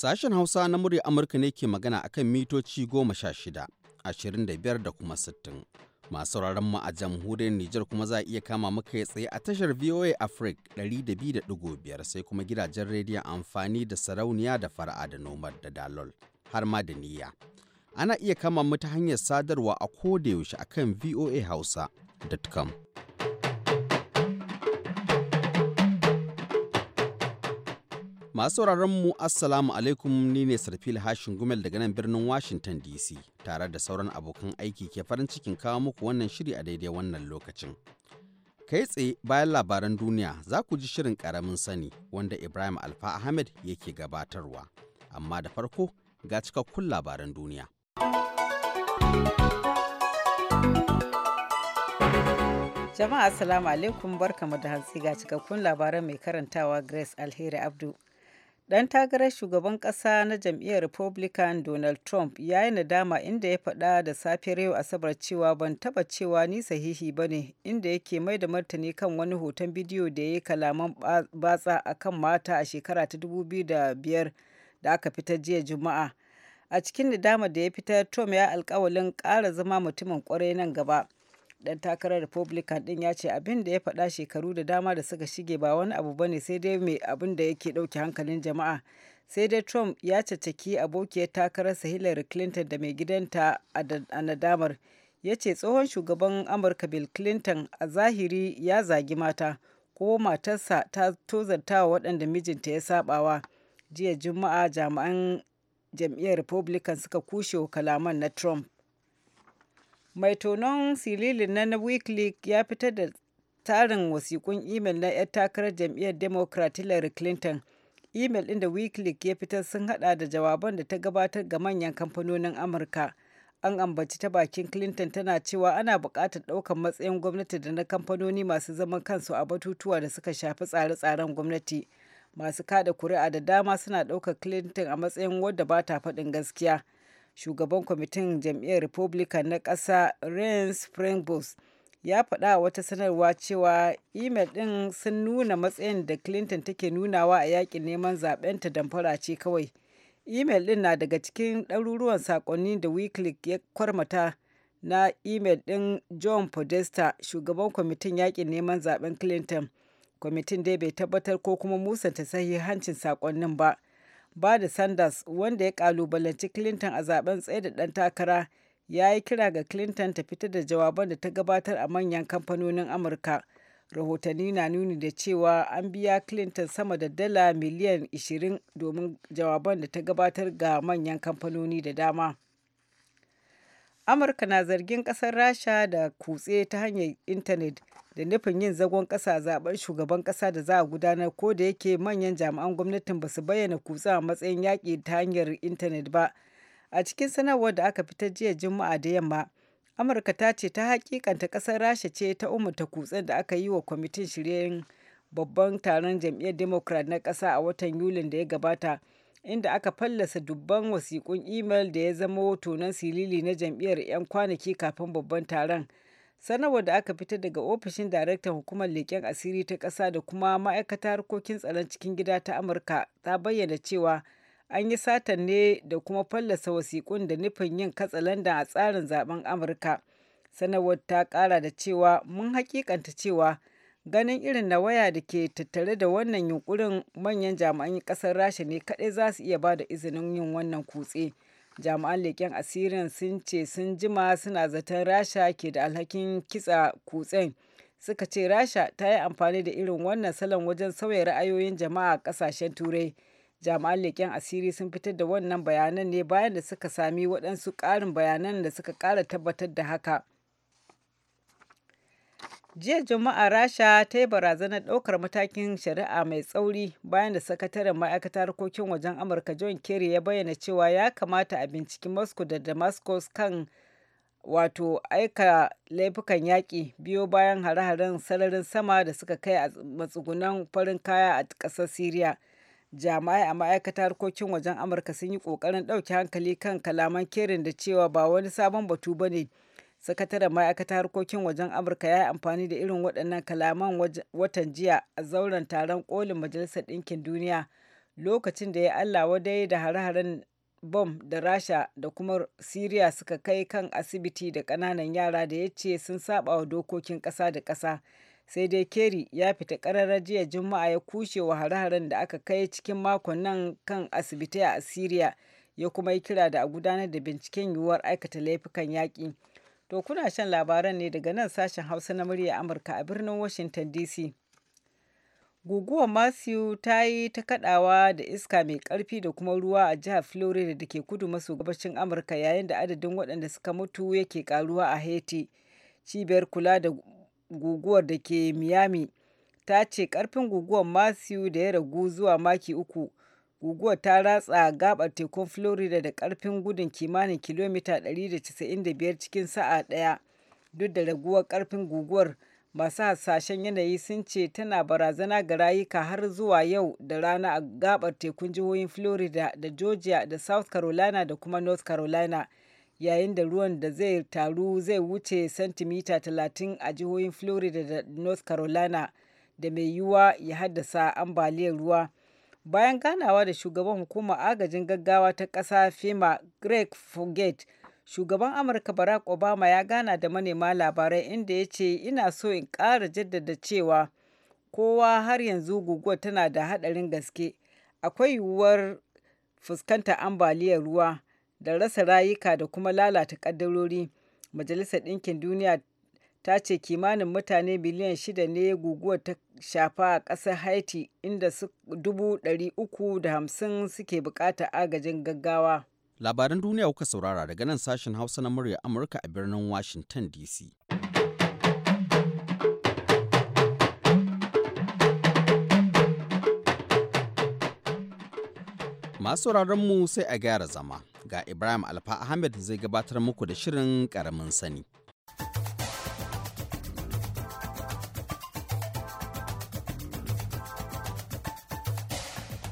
Sashen Hausa na murya Amurka ne ke magana akan mitoci goma sha shida, ashirin da biyar da kuma sittin. Masu sauraron mu a jamhuriyar Nijar kuma za a iya kama muka tsaye a tashar VOA Africa da da biyu biyar, sai kuma gidajen rediyon amfani da sarauniya da fara'a da nomad da dalol har ma da niyya. Ana iya kama mu ta hanyar sadarwa a kodayaushe akan voa voahausa.com. Masu mu Assalamu alaikum ni ne Sarfil Hashin Gumel daga nan birnin Washington DC tare da sauran abokan aiki ke farin cikin kawo muku wannan shiri a daidai wannan lokacin. Kai tsaye bayan labaran duniya za ku ji shirin karamin sani wanda Ibrahim Alfa Ahmed yake gabatarwa. Amma da farko ga cikakkun labaran duniya. Jama'a Assalamu alaikum barkamu da hantsi ga cikakkun labaran mai karantawa Grace Alheri Abdu. Dan takarar shugaban kasa na jam'iyyar Republican Donald Trump ya yi nadama inda ya faɗa da safiyar yau Asabar cewa ban taba cewa ni sahihi ba ne, inda yake mai da martani kan wani hoton bidiyo da ya yi kalaman batsa a kan mata a shekara ta 2005 da aka fitar jiya Juma'a. A cikin nadama da ya fitar, Trump ya alkawalin ƙara zama mutumin kwarai nan gaba. dan takarar republican din ya ce abin da ya faɗa shekaru da dama da suka shige ba wani abu ba ne, sai dai mai abin da yake ɗauke hankalin jama'a sai dai trump ya caccaki abokiyar takararsa hillary clinton da mai gidanta a nadamar ya ce tsohon shugaban amurka bill clinton a zahiri ya zagi mata ko matarsa ta tozarta wa waɗanda mijinta ya sabawa jiya juma'a jami'an jam'iyyar republican suka kushe kalaman na trump mai tonon sililin na wikileaks ya fitar da tarin wasikun imel na 'yar takarar jam'iyyar democrat hillary clinton imel ɗin da wikileaks ya fitar sun hada da jawaban da ta gabatar ga manyan kamfanonin amurka an ambaci ta bakin clinton tana cewa ana buƙatar ɗaukar matsayin gwamnati da na kamfanoni masu zaman kansu a batutuwa da suka shafi tsare-tsaren gwamnati masu kada kuri'a da dama suna ɗaukar clinton a matsayin wadda ba ta faɗin gaskiya shugaban kwamitin jam'iyyar republican na ƙasa reince springboks ya faɗa wata sanarwa cewa imel ɗin sun nuna matsayin da clinton take nunawa a yakin neman zaɓenta damfara ce kawai imel ɗin na daga cikin ɗaruruwan saƙonni da wikileaks ya kwarmata na imel ɗin john podesta shugaban kwamitin yakin neman zaben clinton kwamitin dai bai tabbatar ko kuma musanta sahihancin saƙonnin ba Bada Sanders, wanda ya kalubalanci Clinton a zaben tsaye da ɗan takara, ya yi kira ga Clinton ta fitar da jawaban da ta gabatar a manyan kamfanonin Amurka. Rahotanni na nuni da cewa an biya Clinton sama da dala miliyan 20 domin jawaban da ta gabatar ga manyan kamfanoni da dama. Amurka na zargin ƙasar Rasha da kutse ta hanyar intanet da nufin yin zagon ƙasa a zaben shugaban ƙasa da za a gudanar ko da yake manyan jami'an gwamnatin ba su bayyana kutsa a matsayin yaƙi ta hanyar intanet ba a cikin sanarwar da aka fitar jiya juma'a da yamma amurka ta ce ta hakikanta ƙasar rasha ce ta umarta kutsen da aka yi wa kwamitin shiryen babban taron jam'iyyar democrat na ƙasa a watan yulin da ya gabata inda aka fallasa dubban wasiƙun imel da ya zama tonon silili na jam'iyyar 'yan kwanaki kafin babban taron sanarwar da aka fitar daga ofishin daraktan hukumar leƙen asiri ta ƙasa da kuma ma'aikata harkokin tsaron cikin gida ta amurka ta bayyana cewa an yi satan ne da kuma fallasa wasiƙun da nufin yin katsalandan a tsarin zaben amurka sanarwar ta ƙara da cewa mun hakikanta cewa ganin irin na waya da ke tattare da wannan yunkurin manyan jami'an ƙasar rasha ne kaɗai za su iya ba da izinin yin wannan kutse. jami'an leƙen asirin sun ce sun jima suna zaton rasha ke da alhakin kitsa kutsen suka ce rasha ta yi amfani da irin wannan salon wajen sauya ra'ayoyin jama'a a ƙasashen turai jami'an leƙen asiri sun fitar da wannan bayanan ne bayan da suka sami waɗansu ƙarin bayanan da suka ƙara tabbatar da haka jiya juma'a rasha ta yi barazanar ɗaukar matakin shari'a mai tsauri bayan da sakataren ma'aikatar harkokin wajen amurka john kerry ya bayyana cewa ya kamata a binciki moscow da damascus kan wato aika laifukan yaƙi biyo bayan hare-haren sararin sama da suka kai a matsugunan farin kaya a ƙasar syria jami'ai a ma'aikatar harkokin wajen amurka sun yi ƙoƙarin ɗauke hankali kan kalaman kerin da cewa ba wani sabon batu ba ne sakataren ma'aikata harkokin wajen amurka ya yi amfani da irin waɗannan kalaman watan jiya a zauren taron kolin majalisar ɗinkin duniya lokacin da ya allah wadai da hare-haren bom da rasha da kuma siriya suka kai kan asibiti da ƙananan yara da ya ce sun saba wa dokokin ƙasa da ƙasa sai dai keri ya fita ƙararrar jiya juma'a ya kushe wa hare-haren da aka kai cikin makon nan kan asibitai a syria ya kuma yi kira da a gudanar da binciken yiwuwar aikata laifukan yaƙi To kuna shan labaran ne daga nan sashen Hausa na murya Amurka a birnin Washington DC. Guguwar Matthew ta yi ta kadawa da iska mai karfi da kuma ruwa a jihar Florida da ke kudu maso gabashin Amurka yayin da adadin waɗanda suka mutu yake karuwa a Haiti. Cibiyar kula da guguwar da ke Miami ta ce karfin guguwar Matthew da ya ragu zuwa maki uku Guguwar ta ratsa gabar tekun Florida da karfin gudun kimanin kilomita 195 cikin sa'a ɗaya. Duk da raguwar karfin guguwar, masu hasashen yanayi sun ce tana barazana ga rayuka har zuwa yau da rana a gabar tekun jihohin Florida da Georgia da South Carolina da kuma North Carolina, yayin da ruwan da zai taru zai wuce sentimita 30 a jihohin Florida da North Carolina da mai yiwuwa ya haddasa ambaliyar ruwa. bayan ganawa da shugaban hukumar agajin gaggawa ta ƙasa fema greg forget shugaban amurka barack obama ya gana da manema labarai inda ya ce ina so in ƙara jaddada cewa kowa har yanzu guguwa tana da haɗarin gaske akwai yiwuwar fuskantar ambaliyar ruwa da rasa rayuka da kuma lalata ƙaddarori majalisar ɗinkin duniya ta ce kimanin mutane biliyan shida ne guguwar ta shafa a ƙasar haiti inda dubu uku da hamsin suke bukata agajin gaggawa labaran duniya kuka saurara daga nan sashen hausa na murya amurka a birnin washington dc masu mu sai a gyara zama ga ibrahim alfa ahmed zai gabatar muku da shirin karamin sani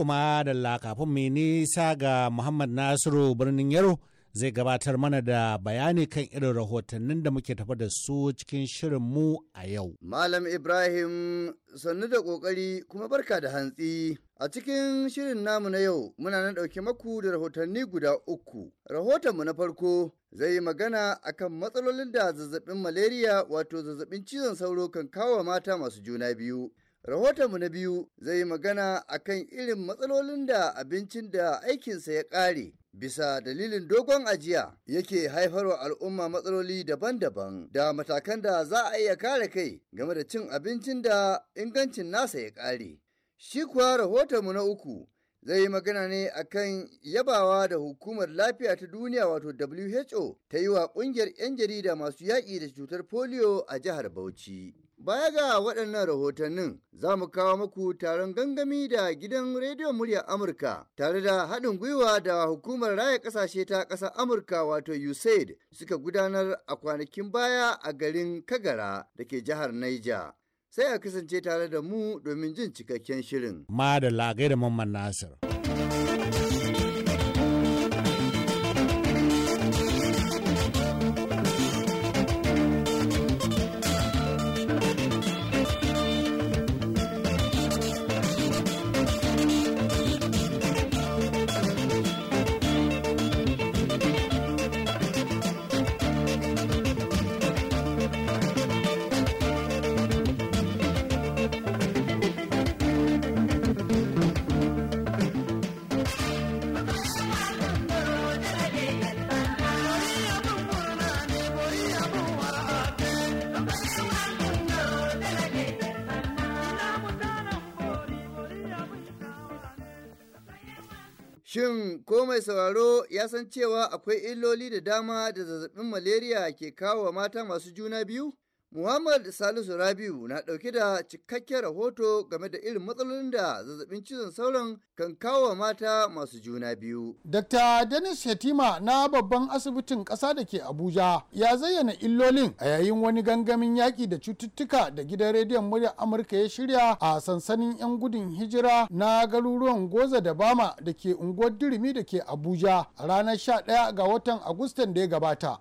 To dalla kafin mai nisa ga Muhammad Nasiru birnin Yaro zai gabatar mana da bayani kan irin rahotannin da muke tafa da su cikin shirin mu a yau. Malam Ibrahim sannu da kokari kuma barka da hantsi. A cikin shirin namu na yau muna nan ɗauke maku da rahotanni guda uku. Rahotonmu na farko zai yi magana akan matsalolin da zazzabin malaria wato zazzabin cizon sauro kan kawo mata masu juna biyu. Rahotonmu na biyu zai yi magana a kan irin matsalolin da abincin da aikinsa ya ƙare bisa dalilin dogon ajiya yake haifarwa al'umma matsaloli daban-daban da matakan da za a iya kare kai game da cin abincin da ingancin nasa ya ƙare. Shi kuwa rahotonmu na uku zai yi magana ne a kan yabawa da hukumar lafiya ta duniya wato WHO ta yi wa ƙungiyar 'yan jarida masu yaƙi da cutar polio a jihar Bauchi. Baya ga waɗannan rahotannin za mu kawo muku taron gangami da gidan rediyon muryar Amurka tare da haɗin gwiwa da hukumar raya ƙasashe ta ƙasar Amurka wato USAID suka gudanar a kwanakin baya a garin Kagara da ke jihar Niger. Sai a kasance tare da mu domin jin cikakken shirin. Ma da lagai da Mamman Nasir. Shin ko mai sauraro ya san cewa akwai illoli da dama da zazzabin malaria ke kawo wa mata masu juna biyu? Muhammad Salisu Rabiu na ɗauke da cikakken rahoto game da irin matsalolin da zazzabin cizon sauran kan kawo mata masu juna biyu. Dr. Dennis Hetima na babban asibitin ƙasa da ke Abuja ya zayyana illolin a yayin wani gangamin yaƙi da cututtuka da gidan rediyon muryar Amurka ya shirya a sansanin 'yan gudun hijira na garuruwan Goza da Bama da ke unguwar Dirimi da ke Abuja a ranar 11 ga watan Agustan da ya gabata.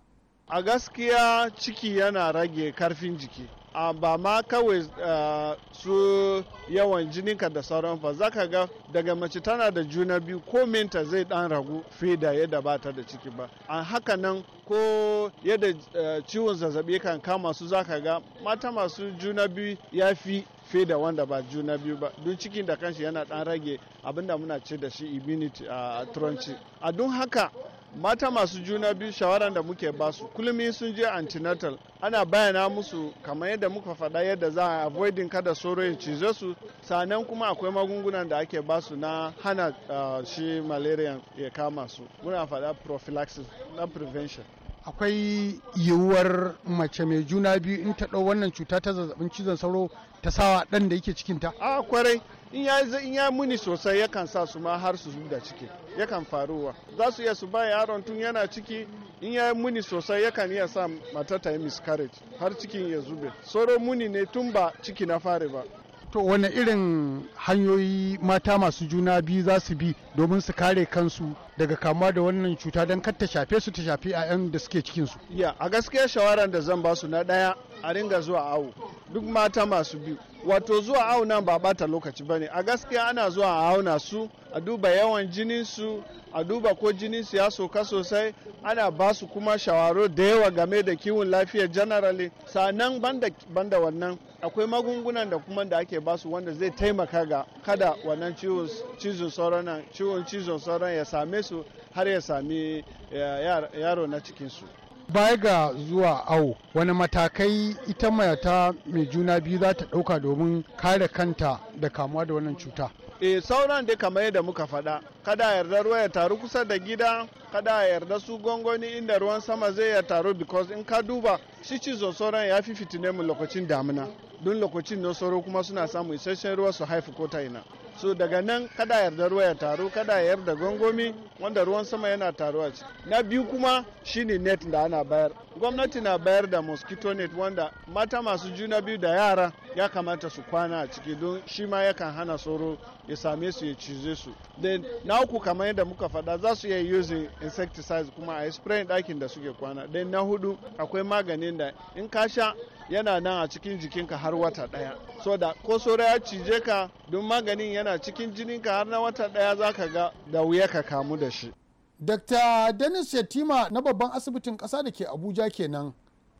a gaskiya ciki yana rage karfin jiki a ba ma kawai eh, su yawan ka da sauran fa za ka ga daga mace tana da juna biyu ko minta zai dan ragu fiye da yadda ba ta da ciki ba a haka nan ko yadda eh, ciwon zazzabi kan kama su za ka ga mata masu juna biyu ya fi fiye da wanda ba juna biyu ba duk cikin da kanshi yana dan rage abinda muna ce da shi immunity a turanci a don haka mata masu juna biyu shawaran da muke basu kulmi sun je antenatal ana bayana musu kamar yadda muka faɗa yadda za a avoidin kada soro ya cize su sannan kuma akwai magungunan da ake basu na hana uh, shi malaria ya kama su muna faɗa prophylaxis na prevention akwai yiwuwar mace mai juna biyu in ta ɗau wannan cuta ta zazzabin cizon sauro ta sawa ɗan da yake cikinta? A kwarai in ya in muni sosai yakan sa su ma har su da ciki yakan faruwa za su iya su ba yaron tun yana ciki in ya muni sosai yakan iya sa mata ta yi miscarriage har cikin ya zube sauro muni ne tun ba ciki na fare ba to wani irin hanyoyi mata masu juna biyu za su bi domin su kare kansu daga kamuwa da wannan cuta don kar ta shafe su ta shafi 'ya'yan da suke cikinsu ya a gaskiya shawaran da zan ba su na ɗaya a ringa zuwa awo duk mata masu biyu wato zuwa auna ba bata lokaci bane a gaskiya ana zuwa a auna su a duba yawan jinin su a duba ko jinin su ya soka sosai ana ba su kuma shawaro da yawa game da kiwon lafiya generally sannan banda, banda wannan akwai magungunan da kuma da ake ba su wanda zai taimaka ga kada wannan cizon ciwon cizon sauran ya same su har ya sami yaro na cikinsu baya ga zuwa awo wani matakai ita mayata mai juna biyu za ta ɗauka domin kare kanta da kamuwa da wannan cuta e sauran dai kamar yadda muka faɗa kada yarda ruwa ya taru kusa da gida kada a yarda su gongoni inda ruwan sama zai ya taru because in ka duba shi cizon sauran ya fi fitine mu lokacin damina don lokacin na sauro kuma suna samun isasshen ruwa su haifi ko ta ina so daga nan kada yarda ruwa ya taru kada ya yarda gongomi wanda ruwan sama yana taruwa ci na biyu kuma shine net da ana bayar gwamnati na bayar da mosquito net wanda mata masu juna biyu da yara ya kamata su kwana a ciki don shi ma yakan hana tsoro ya same su ya cize su then na uku kamar yadda muka faɗa za su iya using insecticides kuma a spraying ɗakin da suke kwana then na hudu akwai maganin da in ka sha yana nan a cikin jikinka har wata ɗaya so da ko sora ya cije ka don maganin yana cikin jininka har na wata ɗaya za ka ga da wuya ka kamu da shi dr dennis yatima na babban asibitin ƙasa da ke abuja kenan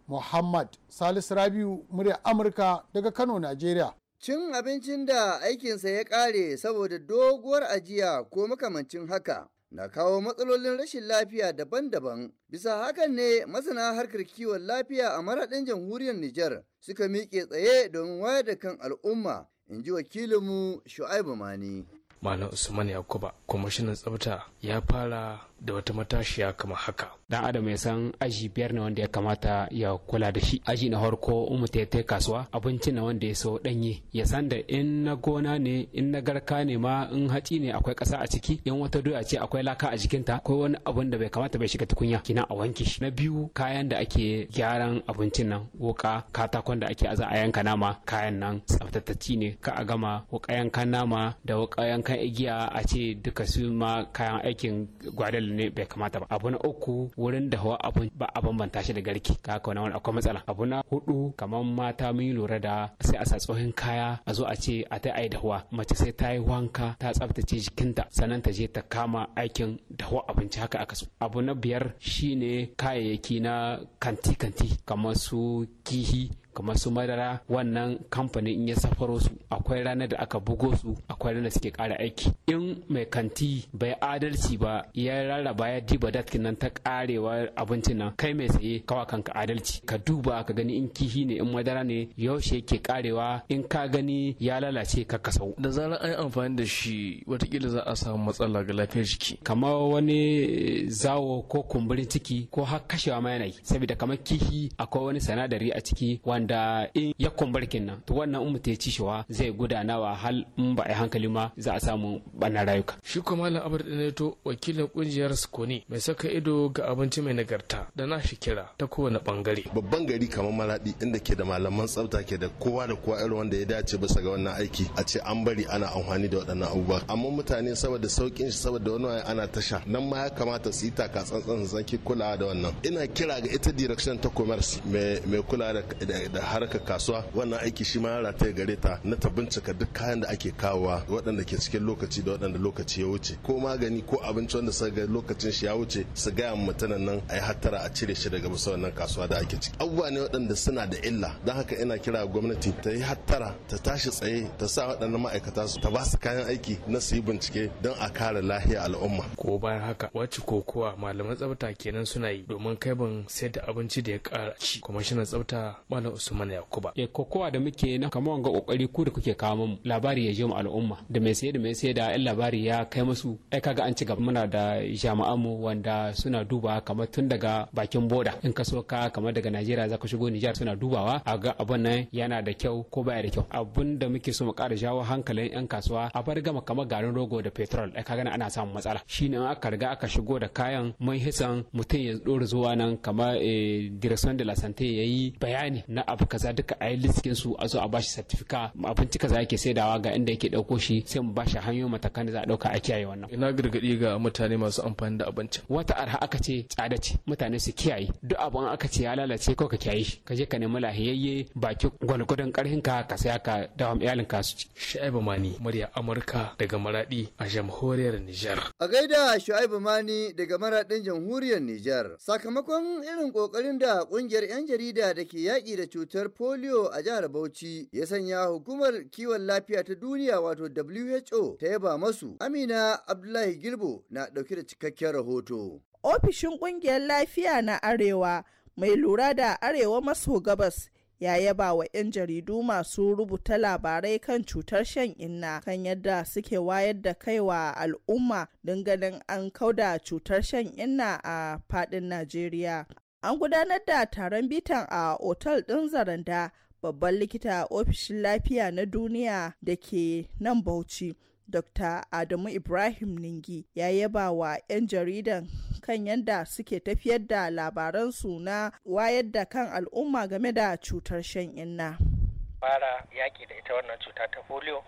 muhammad salisu rabiu murya amurka daga kano nigeria cin abincin da aikinsa ya ƙare saboda doguwar ajiya ko makamancin haka na kawo matsalolin rashin lafiya daban-daban. Bisa hakan ne masana harkar kiwon lafiya a maraɗin jamhuriyar Nijar suka miƙe tsaye don wayar da kan al'umma, in ji wakilinmu Shu'aibu Mani. Malam Usman Yakuba, kwamishinan tsafta ya fara da wata matashiya kamar haka. dan adam ya san aji biyar ne wanda ya kamata ya kula da shi aji na harko in ta ya kasuwa Abincin na wanda ya so danye ya san da in na gona ne in na garka ne ma in hatsi ne akwai kasa a ciki in wata doya ce akwai laka a jikinta akwai wani abun da bai kamata bai shiga tukunya kina a wanke shi na biyu kayan da ake gyaran abincin nan wuka katakon da ake aza a yanka nama kayan nan tsaftatacci ne ka a gama wuka yankan nama da wuka yankan igiya a ce duka su ma kayan aikin gwadal ne bai kamata ba abu na uku wurin hawa abin ba a bambanta shi da garki ka haka wani akwai matsala abu na hudu kamar mata mun yi lura da sai a sa kaya a zo a ce a ta ai dahuwa mace sai ta yi wanka ta tsaftace jikinta sannan ta je ta kama aikin dahuwa abinci haka aka so abu na biyar shine kayayyaki na kanti kanti kamar su kihi kamar su madara wannan kamfanin in ya safaro su akwai ranar da aka bugo su akwai ranar suke ƙara aiki in mai kanti bai adalci ba ya rarraba ya diba datkin nan ta karewa abincin nan kai mai saye kawa kanka adalci ka duba ka gani in kihi ne in madara ne yaushe yake karewa in ka gani ya lalace ka kasau da zarar an amfani da shi watakila za a samu matsala ga lafiyar jiki kamar wani zawo ko kumburin ciki ko har kashewa ma yanayi saboda kamar kihi akwai wani sanadari a ciki wanda da in ya kwambar kenan to wannan in mutum ya ci wa zai gudanawa hal in ba a hankali ma za a samu bana rayuka. shi kuma malam abar to wakilin kungiyar sukuni mai saka ido ga abinci mai nagarta da na shi kira ta kowane bangare. babban gari kamar maradi inda ke da malaman tsafta ke da kowa da kowa irin wanda ya dace ba sa ga wannan aiki a ce an bari ana amfani da waɗannan abubuwa amma mutane saboda saukin shi saboda wani waye ana tasha nan ma ya kamata su yi taka tsantsan su kulawa da wannan ina kira ga ita direction ta commerce mai kula da da harkar kasuwa wannan aiki shi ma rata gare ta na ta bincika duk kayan da ake kawowa waɗanda ke cikin lokaci da waɗanda lokaci ya wuce ko magani ko abinci wanda suka ga lokacin shi ya wuce su gaya mutanen nan a yi hattara a cire shi daga musa wannan kasuwa da ake ciki abubuwa ne waɗanda suna da illa don haka ina kira gwamnati ta yi hattara ta tashi tsaye ta sa waɗannan ma'aikata su ta ba su kayan aiki na su yi bincike don a kare lahiya al'umma ko bayan haka wacce ko kuwa malaman tsafta kenan suna yi domin kai ban sayar da abinci da ya kara ci na tsafta malam Usman Yakuba. E kokowa da muke na kamar wanga kokari ku da kuke kawo mu labari ya je mu al'umma da mai saye da mai saye da yan labari ya kai musu ai kaga an ci gaba muna da jama'an mu wanda suna duba kamar tun daga bakin boda in ka so ka kamar daga Najeriya zaka shigo Nijar suna dubawa a ga abun nan yana da kyau ko baya da kyau abun da muke so mu ƙara jawo hankalin yan kasuwa a bar gama kamar garin rogo da petrol ai kaga ana samun matsala shine in aka riga aka shigo da kayan mai hisan mutum ya dora zuwa nan kamar eh, direction de la santé yayi bayani na abu kaza duka a yi liskin su a zo a bashi satifika abinci kaza yake saidawa ga inda yake dauko shi sai mu bashi hanyoyin matakan da za a dauka a kiyaye wannan ina gargadi ga mutane masu amfani da abincin wata arha aka ce tsada ce mutane su kiyaye duk abin aka ce ya lalace ko ka kiyaye shi ka je ka nemi lahiyayye baki gwalgwadon karhin ka ka saya ka dawam iyalin ka su ci Shu'aibu Mani murya Amurka daga Maradi a jamhuriyar Nijar a gaida Shu'aibu Mani daga Maradin jamhuriyar Nijar sakamakon irin kokarin da kungiyar yan jarida da ke yaki da cutar polio a jihar Bauchi ya sanya hukumar kiwon lafiya ta duniya wato WHO ta yaba masu. Amina Abdullahi Girbo na ɗauke da cikakken rahoto. Ofishin ƙungiyar lafiya na Arewa mai lura da Arewa maso gabas ya yaba wa 'yan jaridu masu rubuta labarai kan cutar shan inna kan yadda suke wayar da kaiwa al'umma don ganin an kauda cutar shan inna a fadin najeriya An gudanar da taron bitan a otal ɗin Zaranda, babban likita ofishin lafiya na duniya da ke nan Bauchi. Dr. Adamu Ibrahim Ningi ya yaba wa 'yan jaridan kan yadda suke tafiyar da labaransu na wayar da kan al'umma game da cutar shan inna. fara yaki da ita wannan cuta ta polio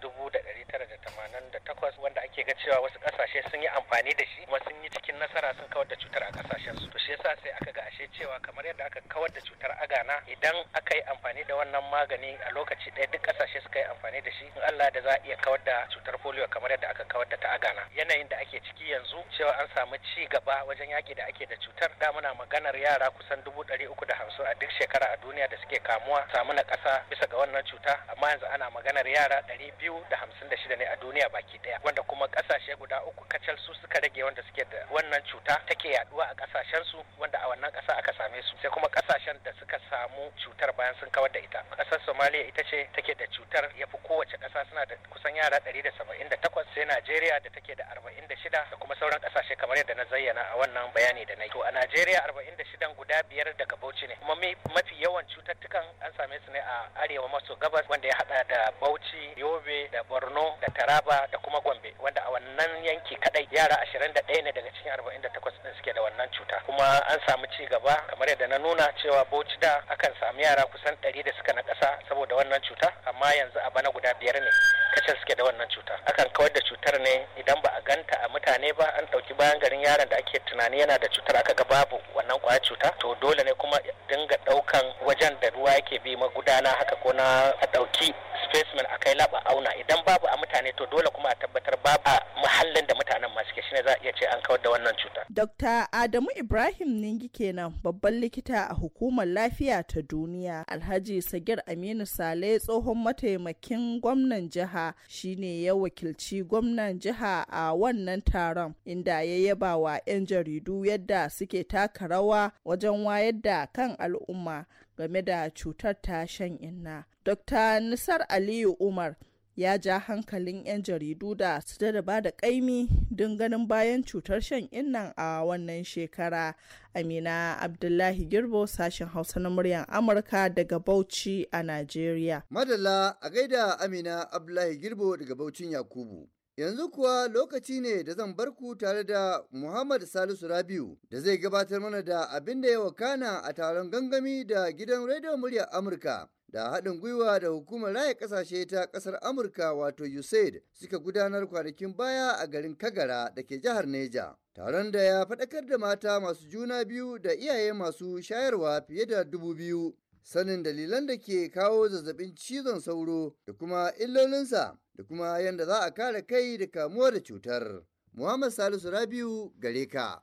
takwas wanda ake ga cewa wasu kasashe sun yi amfani da shi kuma sun yi cikin nasara sun kawar da cutar a kasashen su to shi yasa sai aka ga ashe cewa kamar yadda aka kawar da cutar agana idan aka yi amfani da wannan magani a lokaci ɗaya duk kasashe suka yi amfani da shi in Allah da za a iya kawar da cutar polio kamar yadda aka kawar da ta agana yanayin da ake ciki yanzu cewa an samu ci gaba wajen yaki da ake da cutar da muna maganar yara kusan dubu ɗari uku da a duk shekara a duniya da suke kamuwa samu na ƙasa bisa ga wannan wannan cuta amma yanzu ana maganar yara ɗari biyu da hamsin da shida ne a duniya baki ɗaya wanda kuma ƙasashe guda uku kacal su suka rage wanda suke da wannan cuta take yaduwa a ƙasashen su wanda a wannan ƙasa aka same su sai kuma ƙasashen da suka samu cutar bayan sun kawar da ita ƙasar somaliya ita ce take da cutar ya fi kowace ƙasa suna da kusan yara ɗari da saba'in da takwas sai Najeriya da take da arba'in da shida da kuma sauran ƙasashe kamar yadda na zayyana a wannan bayani da na yi to a Najeriya arba'in da shidan guda biyar daga Bauchi ne kuma mafi yawan cututtukan an same su ne a arewa maso gabas wanda ya hada da Bauchi, Yobe da Borno da Taraba da kuma Gombe wanda wannan yanki kadai yara 21 ne daga cikin 48 din suke da wannan cuta kuma an samu ci gaba kamar yadda na nuna cewa bauchi da akan sami yara kusan 100 da suka na kasa saboda wannan cuta amma yanzu a bana guda biyar ne kacal suke da wannan cuta akan kawar da cutar ne idan ba a ganta a mutane ba an ɗauki bayan garin yaron da ake tunani yana da cutar aka ga babu wannan kwaya cuta to dole ne kuma dinga ɗaukan wajen da ruwa yake bi magudana haka ko na a ɗauki specimen a kai laba auna idan babu a mutane to dole kuma a tabbatar babu a muhallin da mutanen masu shi shine za a iya ce an kawar da wannan cutar. Dr. Adamu Ibrahim Ningi kenan babban likita a hukumar lafiya ta duniya Alhaji Sagir Aminu Sale tsohon mataimakin gwamnan jiha shine ya wakilci gwamnan jiha a wannan taron inda ya yaba wa 'yan jaridu yadda suke taka rawa wajen wayar da kan al'umma game da cutar ta shan inna. Dr. Nisar Aliyu Umar ya ja hankalin 'yan jaridu da su da ba da kaimi don ganin bayan cutar shan inna a wannan shekara. Amina Abdullahi Girbo sashen Hausa na muryar Amurka daga Bauchi a Najeriya. Madalla a gaida Amina Abdullahi Girbo daga Baucin Yakubu. Yanzu kuwa lokaci ne da zan bar ku tare da Muhammad Salisu Rabiu da zai gabatar mana da abin da ya wakana a taron gangami da gidan rediyon muryar Amurka da haɗin gwiwa da hukumar raya ƙasashe ta ƙasar Amurka wato USAID suka gudanar kwanakin baya a garin Kagara da ke jihar Neja. Taron da ya faɗakar da mata masu juna biyu da iyaye masu shayarwa fiye da dubu biyu sanin dalilan da ke kawo zazzabin cizon sauro da kuma illolinsa da kuma yadda za a kare kai da kamuwa da cutar. Muhammad Salisu Rabiu gare ka.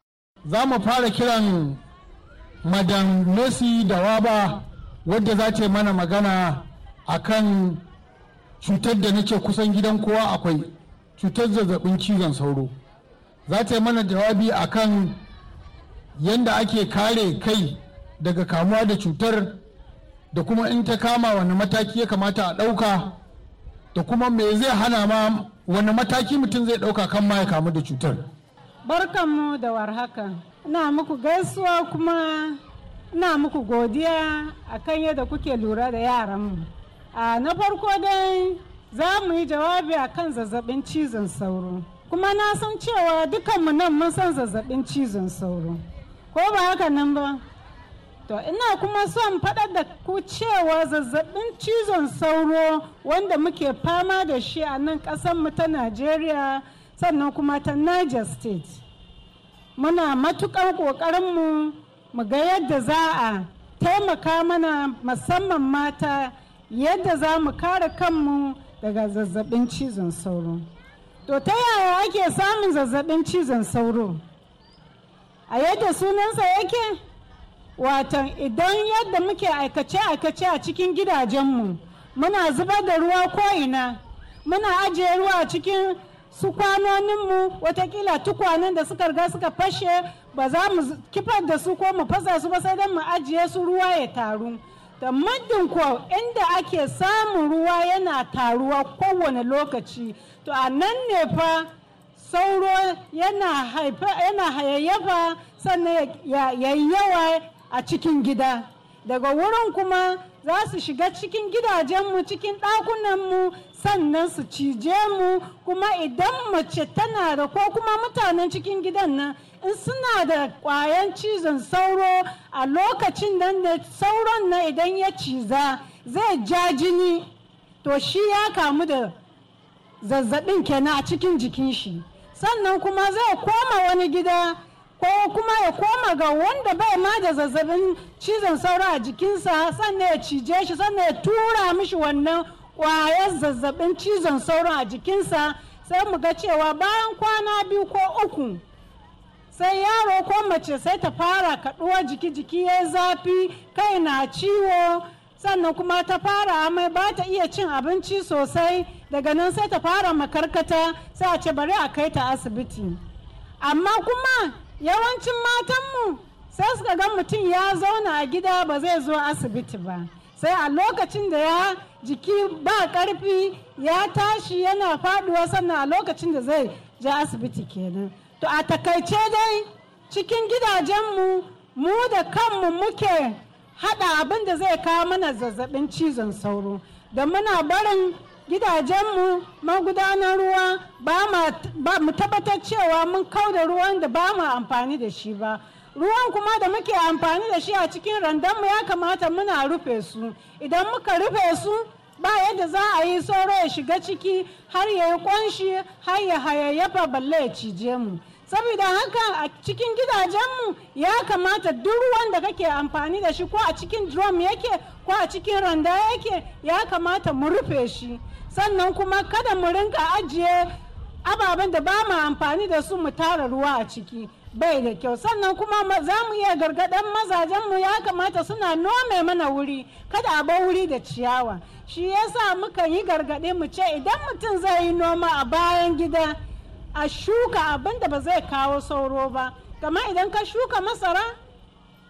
Za mu fara kiran Madam Nosi da Waba wadda za ta mana magana a kan cutar da nake kusan gidan kowa akwai cutar zazzabin cizon sauro. Za ta mana jawabi a kan yadda ake kare kai daga kamuwa da cutar da kuma in ta kama wani mataki ya kamata a ɗauka da kuma me zai hana ma wani mataki mutum zai ɗauka kan ma ya kamu da cutar. Barkanmu da warhaka. Ina muku gaisuwa kuma ina muku godiya a akan yadda kuke lura da yaranmu. A na farko dai za mu yi jawabi a kan zazzabin cizon sauro. Kuma na san cewa dukanmu nan mun san zazzabin cizon sauro. Ko ba haka nan ba? To ina kuma son faɗar da ku cewa zazzabin cizon sauro wanda muke fama da shi a nan mu ta Najeriya sannan kuma ta Niger State. Muna matuƙar ƙoƙarinmu mu ga yadda za a taimaka mana musamman mata yadda za mu kare kanmu daga zazzabin cizon sauro. To ta yaya ake samun zazzaɓin cizon sauro? A yadda sunansa yake? watan idan yadda muke aikace-aikace a cikin gidajenmu muna zubar da ruwa ko'ina muna ajiye ruwa a cikin su kwanoninmu watakila tukwanen da suka riga suka fashe ba za mu kifar da su ko mu fasa su ba sai don mu ajiye su ruwa ya taru da muddin ko inda ake samun ruwa yana taruwa kowane lokaci to a nan ne fa sauro yana hayayyafa sannan ya yawa a cikin gida daga wurin kuma za su shiga cikin gidajenmu cikin ɗakunanmu sannan su cije mu kuma idan mace tana da ko kuma mutanen cikin gidan nan in suna da ƙwayan cizon sauro a lokacin nan da sauron na idan ya ciza zai ja jini to shi ya kamu da zazzabin kenan a cikin jikin shi sannan kuma zai koma wani gida ko kuma ya koma ga wanda bai ma da zazzabin cizon sauro a jikinsa sannan ya cije shi sannan ya tura mishi wannan kwayar zazzabin cizon sauro a jikinsa sai mu ga cewa bayan kwana biyu ko uku sai yaro ko mace sai ta fara kaduwa jiki jiki ya zafi kai na ciwo sannan kuma ta fara amai ba ta iya cin abinci sosai daga nan sai ta fara makarkata sai a ce bari a kai ta asibiti amma kuma yawancin matanmu sai suka ga mutum ya zauna a gida ba zai zo asibiti ba sai a lokacin da ya jiki ba karfi ya tashi yana faduwa sannan a lokacin da zai je asibiti kenan to a takaice dai cikin gidajenmu mu da kanmu muke hada abin da zai kawo mana zazzabin cizon sauro da muna barin gidajenmu magudanar ruwa ba mu tabbatar cewa mun kau da ruwan da ba mu amfani da shi ba ruwan kuma da muke amfani da shi a cikin randanmu ya kamata muna rufe su idan muka rufe su ba yadda za a yi sauro ya shiga ciki har ya yi ƙunshi har ya hayayyafa balle ya cije mu saboda haka a cikin gidajenmu ya kamata duk ruwan da kake amfani da shi ko a cikin drum yake ko a cikin randa yake ya kamata mu rufe shi sannan kuma kada mu rinka ajiye ababen da ba mu amfani da su mu tara ruwa a ciki bai da kyau sannan kuma za mu iya gargaɗin mu ya kamata suna nome mana wuri kada a bar wuri da ciyawa shi yasa muka yi gargaɗi mu ce idan mutum zai yi noma a bayan gida a shuka abin da ba zai kawo sauro ba kamar idan ka shuka masara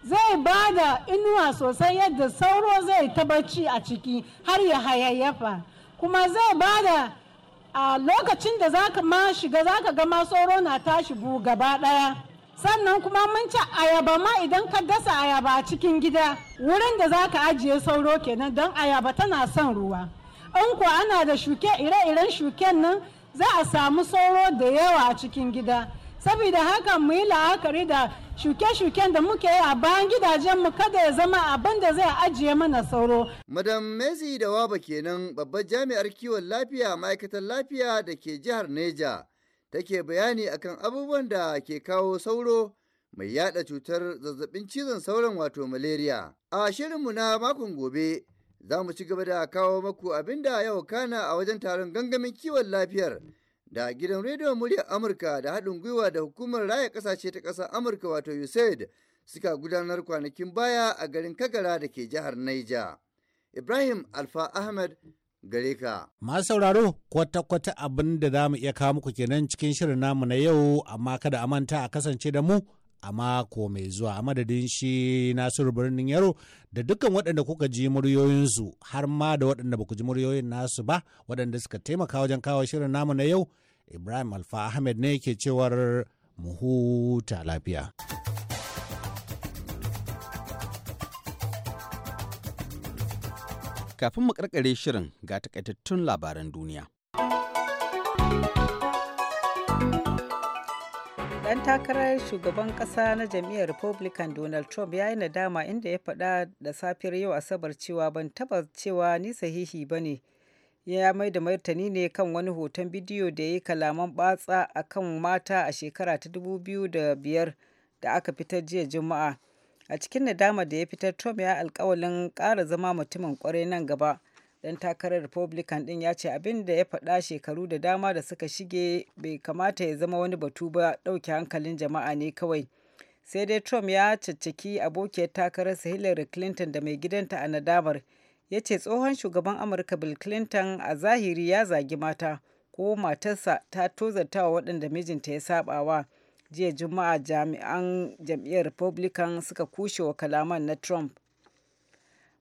zai ba da inuwa sosai yadda sauro zai ta bacci a ciki har ya hayayyafa kuma zai ba da a lokacin da za ka ma shiga za ka gama sauro na tashi bu gaba daya sannan kuma mun ci ayaba ma idan ka dasa ayaba a cikin gida wurin da za ka ajiye sauro kenan don ayaba tana son ruwa in ko ana da shuke ire-iren shuken nan za a samu sauro da yawa a cikin gida saboda haka mu yi la'akari da shuke-shuken da muke yi a bayan gidajen mu kada ya zama abin da zai ajiye mana sauro. Madam Mezi da Waba kenan babbar jami'ar kiwon lafiya ma'aikatar lafiya da ke jihar Neja take bayani akan abubuwan da ke kawo sauro mai yada cutar zazzabin cizon sauron wato malaria. A shirinmu na makon gobe za mu ci gaba da kawo maku abin da ya a wajen taron gangamin kiwon lafiyar. da gidan rediyon muryar Amurka da haɗin gwiwa da hukumar raya ƙasashe ta ƙasar Amurka wato USAID suka gudanar kwanakin baya a garin Kagara da ke jihar Naija. Ibrahim Alfa Ahmed gare ka. Masu sauraro kwata-kwata abin da za mu iya kawo muku kenan cikin shirin namu na yau amma kada a manta a kasance da mu a mako mai zuwa a madadin shi nasiru birnin yaro da dukkan waɗanda kuka ji muryoyinsu har ma da waɗanda ba ku ji muryoyin nasu ba waɗanda suka taimaka wajen kawo shirin namu na yau ibrahim alfa ahmed ne ke cewar mu huta lafiya. Kafin mu karkare shirin ga takaitattun labaran duniya. dan takarar shugaban kasa na jam'iyyar republican donald trump ya yi nadama inda ya faɗa da safiyar yau asabar cewa ban taba cewa ni sahihi ba ne ya mai da martani ne kan wani hoton bidiyo da ya yi kalaman batsa a kan mata a shekara ta 2005 da aka fitar jiya juma'a a cikin nadama da ya fitar trump ya alkawalin ƙara zama mutumin kwarai nan gaba dan takarar republican din ya ce abin da ya faɗa shekaru da dama da suka shige bai kamata ya zama wani batu ba ɗauke hankalin jama'a ne kawai sai dai trump ya caccaki abokiyar takararsa hillary clinton da mai gidanta a nadamar ya ce tsohon shugaban amurka bill clinton a zahiri ya zagi mata ko matarsa ta tozarta wa waɗanda mijinta ya sabawa jiya juma'a jami'an jam'iyyar republican suka kushe wa kalaman na trump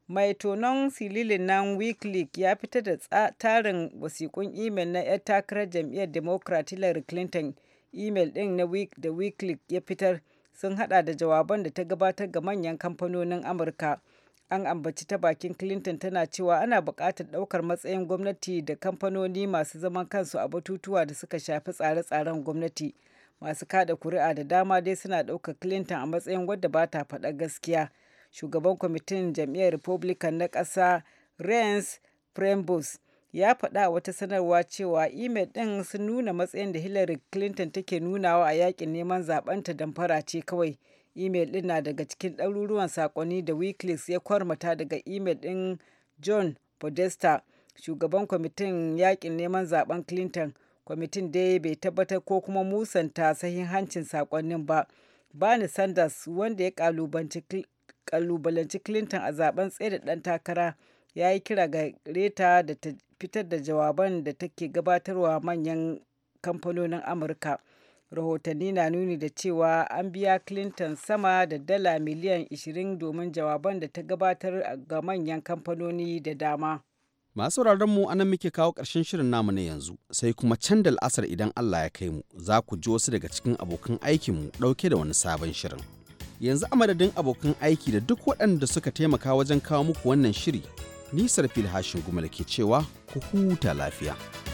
mai tonon sililin nan wikileaks ya fitar da tarin wasikun imel na 'yar takarar jam'iyyar democrat hillary clinton imel din na week da wikileaks ya fitar sun hada da jawaban da ta gabatar ga manyan kamfanonin amurka an ambaci ta bakin clinton tana cewa ana buƙatar ɗaukar matsayin gwamnati da kamfanoni masu zaman kansu a batutuwa da suka shafi tsare-tsaren gwamnati masu kada kuri'a da dama dai suna ɗaukar clinton a matsayin wadda ba ta faɗa gaskiya shugaban kwamitin jam'iyyar republican na ƙasa rance prembus ya faɗa wata sanarwa cewa imel ɗin sun nuna matsayin da hillary clinton take nunawa a yakin neman zaɓenta damfara ce kawai imel ɗin na daga cikin ɗaruruwan sakonni da wikileaks ya kwarmata daga imel ɗin john podesta shugaban kwamitin yakin neman zaben clinton kwamitin dai bai tabbatar ko kuma musanta sahin hancin sakonnin ba bani sanders wanda ya kalubanci kalubalanci clinton a zaben tsere dan takara ya yi kira ga reta da ta fitar da jawaban da take gabatarwa manyan kamfanonin amurka rahotanni na nuni da cewa an biya clinton sama da dala miliyan 20 domin jawaban da ta gabatar ga manyan kamfanoni da dama masu mu anan muke kawo ƙarshen shirin namu na yanzu sai kuma can da al'asar idan allah ya kai mu za ku ji wasu daga cikin abokan aikinmu ɗauke da wani sabon shirin yanzu a madadin abokan aiki da duk waɗanda suka taimaka wajen kawo muku wannan shiri nisar filhashin gumal ke cewa ku huta lafiya.